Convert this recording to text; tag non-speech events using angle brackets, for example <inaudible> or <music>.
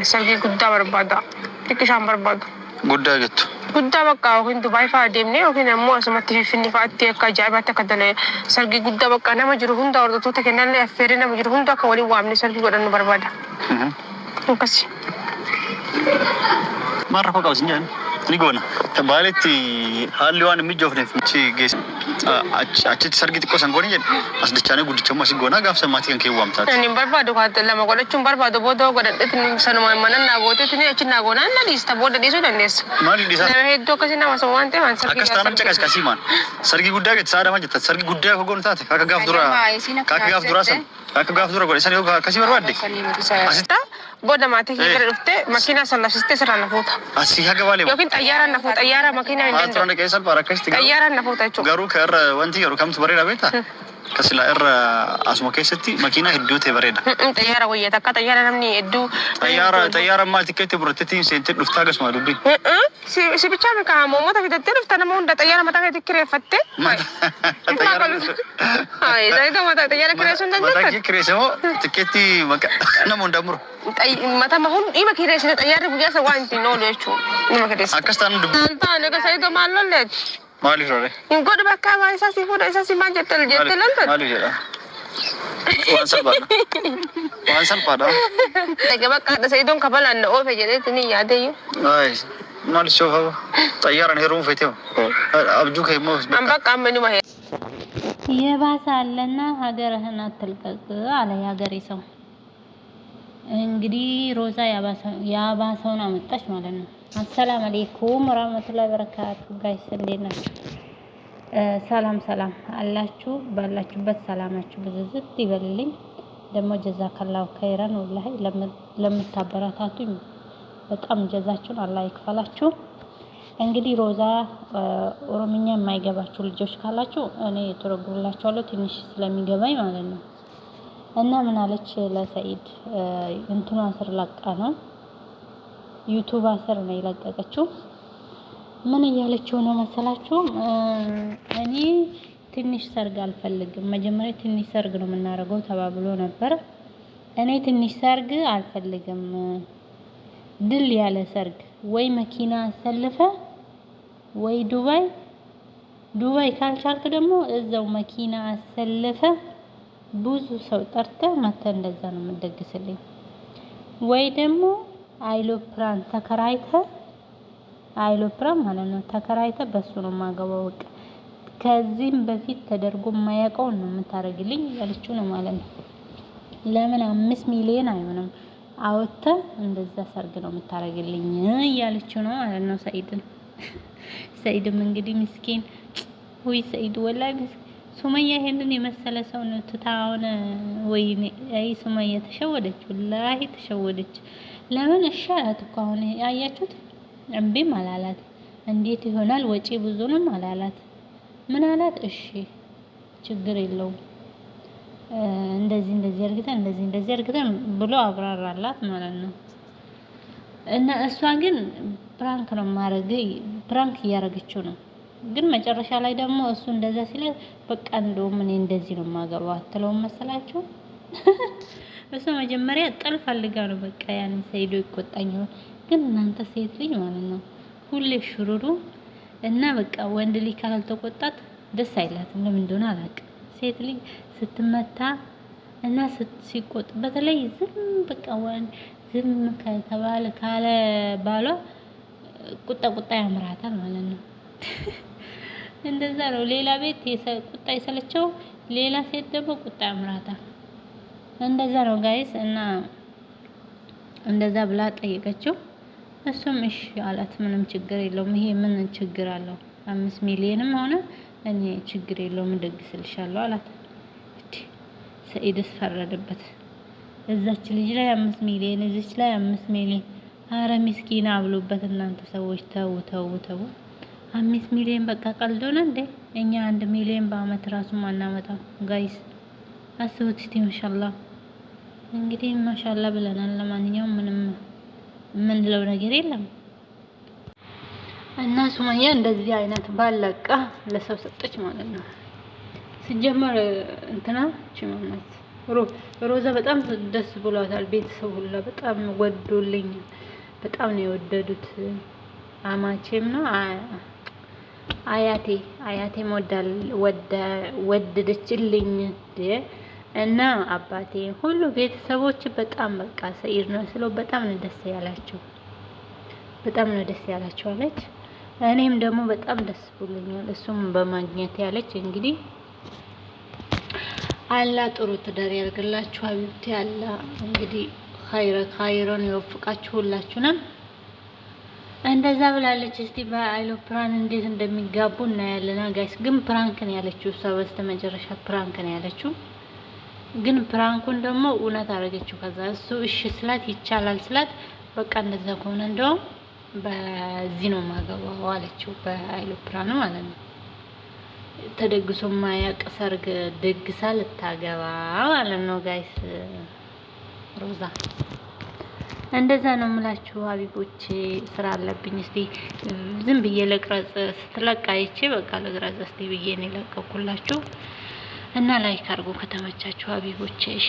ಅಷ್ಟಕ್ಕೆ ಗುದ್ದ ಬರ್ಬಾರ್ದ ಟಿಕ್ಕಿಶಾಂ ಬರ್ಬಾರ್ದು ಗುಡ್ಡಾಗಿತ್ತು ಗುದ್ದ ಬಕ್ಕ ಅವಗಿನ ದುಬಾಯ್ ಫಾ ದೇಮ್ನೆ ಅವಗಿನ ಅಮ್ಮ ಅಸ ಮತ್ತೆ ಫಿನ್ನಿ ಫಾ ಅತ್ತಿ ಅಕ್ಕ ಜಾಯ್ ಬತ್ತ ಕದ್ದನೆ ಸರ್ಗಿ ಗುದ್ದ ಬಕ್ಕ ನಮ್ಮ ಜಿರು ಹುಂದ ಅವ್ರದ್ದು ತೂತಕ್ಕೆ ನನ್ನ ಅಫೇರಿ ನಮ್ಮ ಜಿರು ಹುಂದ ಅಕ್ಕ ಒಲಿ ವಾಮ್ನೆ ಸರ್ಗಿ ಗೊಡನ್ನು ಬರ್ಬಾರ್ದ ಕಸಿ ಮಾರ್ರ ಹೋಗವ ಸಿಂಜಾನ್ ನಿಗೋನ ಬಾಲೆತ್ತಿ ಅಲ್ಲಿ ವಾನ್ ಮಿಜ್ಜೋಫ್ನೆ ಫಿಚ್ಚಿ ಗೇಸಿ achitti sargitti qosan goone jedhe as dachaanee guddichummaa si goonaa gaaf samaatii kan kee waamtaati. Ani barbaadu lama godhachuun barbaadu booda godhadheetiin sanumaan mana naa gooteetiin achi naa goonaa na dhiista booda dhiisuu dandeessu. Maal dhiisaa? Nama hedduu akkasii nama sun waan ta'eef sargii Akkas taanaan caqasqasii maan sargii guddaa gadi saadama jetta sargii guddaa akka goonu taate akka gaaf duraa akka gaaf duraa san akka gaaf duraa godhe san yoo akkasii barbaadde. Booda maatii kee bira dhuftee makiinaa sana lafsistee sirraan na fuuta. Asii haga baalee. Yookiin xayyaaraan na fuuta. Xayyaara makiinaa hin danda'u. Maatonni keessa bara akkasitti. Xayyaaraan na fuuta jechuudha. Garuu kan irra wanti yeroo kamtu bareeda beektaa? Kan silaa irra asuma keessatti makiinaa hedduu ta'e bareeda. Xayyaara wayya takka xayyaara namni hedduu. Xayyaara xayyaara maal tikkeetti burrattitti seentee dhuftaa akkasuma dubbi. Si bichaa mika hamoommota fitattee dhufta nama hunda xayyaara mataa keetti kireeffattee. Xayyaara xayyaara kireessuu hin dandeenye. Mataa kee kireesse moo tikkeetti nama hunda mura. Mata mahun ima kireessite xayyaarri guyyaa isa waan ittiin oolu jechuudha. Akkas taanu dubbi. Taane kan sayyidoo maal lolleeti. Inko bakka waa isaa si fuudha isaa si maal jette jette laaltan. Maal jedha. Waan salphaadha. Waan salphaadha. Daga bakka dhasa idoon kabalaan na oofe jedheetti ni yaadayyu. Maal soofa xayyaaraan heeruun feetee abjuu kee moo. An bakka amma nima hee. የባሰ አለና ሀገርህን አትልቀቅ አለ የሀገሬ ሰው። እንግዲህ ሮዛ ያባሰውን አመጣች ማለት ነው። አሰላም አሌይኩም ወራህመቱላሂ በረካቱ ጋይስ እንዴት ናችሁ? ሰላም ሰላም አላችሁ ባላችሁበት ሰላማችሁ ብዝዝት ይበልልኝ። ደግሞ ጀዛ ጀዛከላሁ ከይረን ወላሂ ለምታበረታቱኝ በጣም ጀዛችሁን አላህ ይክፈላችሁ። እንግዲህ ሮዛ ኦሮምኛ የማይገባችሁ ልጆች ካላችሁ እኔ ተረጉምላችኋለሁ ትንሽ ስለሚገባኝ ማለት ነው። እና ምን አለች ለሰኢድ እንትኗ ስር ለቃ ነው ዩቱብ ስር ነው የለቀቀችው። ምን እያለችው ነው መሰላችሁ? እኔ ትንሽ ሰርግ አልፈልግም። መጀመሪያ ትንሽ ሰርግ ነው የምናደርገው ተባብሎ ነበር። እኔ ትንሽ ሰርግ አልፈልግም፣ ድል ያለ ሰርግ ወይ መኪና አሰልፈ ወይ ዱባይ ዱባይ ካልቻልክ ደግሞ እዛው መኪና አሰልፈ ብዙ ሰው ጠርተህ መተህ እንደዛ ነው የምትደግስልኝ። ወይ ደግሞ አይሎፕራን ተከራይተህ አይሎፕራን ማለት ነው ተከራይተህ በሱ ነው የማገባው። ከዚህም በፊት ተደርጎ የማያውቀውን ነው የምታደርግልኝ ያለችው ነው ማለት ነው። ለምን አምስት ሚሊዮን አይሆንም አወጥተህ እንደዛ ሰርግ ነው የምታደርግልኝ እያለችው ነው ማለት ነው። ሰኢድን ሰኢድም እንግዲህ ምስኪን ወይ ሰይድ ወላሂ ምስኪን ሱመያ ይሄንን የመሰለ ሰው ነው ትታውን ወይ አይ ሱመያ ተሸወደች፣ ወላሂ ተሸወደች። ለምን እሺ አላት እኮ አሁን አያችሁት፣ እምቢም አላላት። እንዴት ይሆናል ወጪ ብዙንም አላላት። ምን አላት? እሺ ችግር የለውም እንደዚህ እንደዚህ አድርገን እንደዚህ እንደዚህ አድርገን ብሎ አብራራላት ማለት ነው። እና እሷ ግን ፕራንክ ነው ማረግ ፕራንክ እያረገችው ነው ግን መጨረሻ ላይ ደግሞ እሱ እንደዛ ሲለ በቃ እንደውም እኔ እንደዚህ ነው የማገባው አትለውም መሰላችሁ። እሱ <laughs> መጀመሪያ ጥል ፈልጋ ነው በቃ ያን ሰይዶ ይቆጣኝ። ግን እናንተ ሴት ልጅ ማለት ነው ሁሌ ሽሩሩ እና በቃ ወንድ ልጅ ካልተቆጣት ደስ አይላትም። ለምን እንደሆነ አላውቅም። ሴት ልጅ ስትመታ እና ሲቆጥ በተለይ ዝም በቃ ወን ዝም ከተባለ ካለ ባሏ ቁጣ ቁጣ ያምራታል ማለት ነው። <laughs> እንደዛ ነው። ሌላ ቤት ቁጣ የሰለቸው፣ ሌላ ሴት ደግሞ ቁጣ ያምራታል። እንደዛ ነው ጋይስ። እና እንደዛ ብላ ጠየቀችው። እሱም እሺ አላት። ምንም ችግር የለውም። ይሄ ምን ችግር አለው? አምስት ሚሊዮንም ሆነ እኔ ችግር የለውም እንደግስልሻለሁ አላት። ሰኢድስ ፈረደበት። እዛች ልጅ ላይ አምስት ሚሊዮን፣ እዚች ላይ አምስት ሚሊዮን። አረ ምስኪና ብሎበት። እናንተ ሰዎች ተው ተው ተው። አምስት ሚሊዮን በቃ ቀልዶ ነው እንዴ? እኛ አንድ ሚሊዮን በአመት ራሱ ማናመጣ ጋይስ አስቡት እስቲ። ማሻላ እንግዲህ ማሻላ ብለናል። ለማንኛውም ምንም የምንለው ነገር የለም እና ሱማያ እንደዚህ አይነት ባለቃ ለሰው ሰጠች ማለት ነው። ሲጀመር እንትና ቺማናት ሮዛ በጣም ደስ ብሏታል። ቤተሰብ ሁላ በጣም ወዶልኝ፣ በጣም ነው የወደዱት። አማቼም ነው አያቴ አያቴ ወደደችልኝ እና አባቴ ሁሉ ቤተሰቦች በጣም በቃ ሰኢድ ነው ስለው በጣም ነው ደስ ያላቸው በጣም ነው ደስ ያላቸው አለች። እኔም ደግሞ በጣም ደስ ብሎኛል እሱም በማግኘት ያለች እንግዲህ አላ ጥሩ ትዳር ያርግላችሁ። አብቲ አላ እንግዲህ ኸይረ ኸይረን ይወፍቃችሁ ሁላችሁንም እንደዛ ብላለች። እስቲ በአይሎፕራን እንዴት እንደሚጋቡ እናያለን። ጋይስ ግን ፕራንክ ነው ያለችው እሷ በስተመጨረሻ ፕራንክ ነው ያለችው። ግን ፕራንኩን ደግሞ እውነት አደረገችው። ከዛ እሱ እሺ ስላት ይቻላል ስላት በቃ እንደዛ ከሆነ እንደውም በዚህ ነው ማገባው አለችው። በአይሎፕራኑ ማለት ነው ተደግሶ ማያቅ ሰርግ ደግሳ ልታገባ ማለት ነው ጋይስ ሮዛ እንደዛ ነው የምላችሁ ሀቢቦች። ስራ አለብኝ እስቲ ዝም ብዬ ልቅረጽ ስትለቅ አይቼ በቃ ልቅረጽ እስቲ ብዬ ነው የለቀኩላችሁ እና ላይክ አድርጉ ከተመቻችሁ ሀቢቦች እሺ።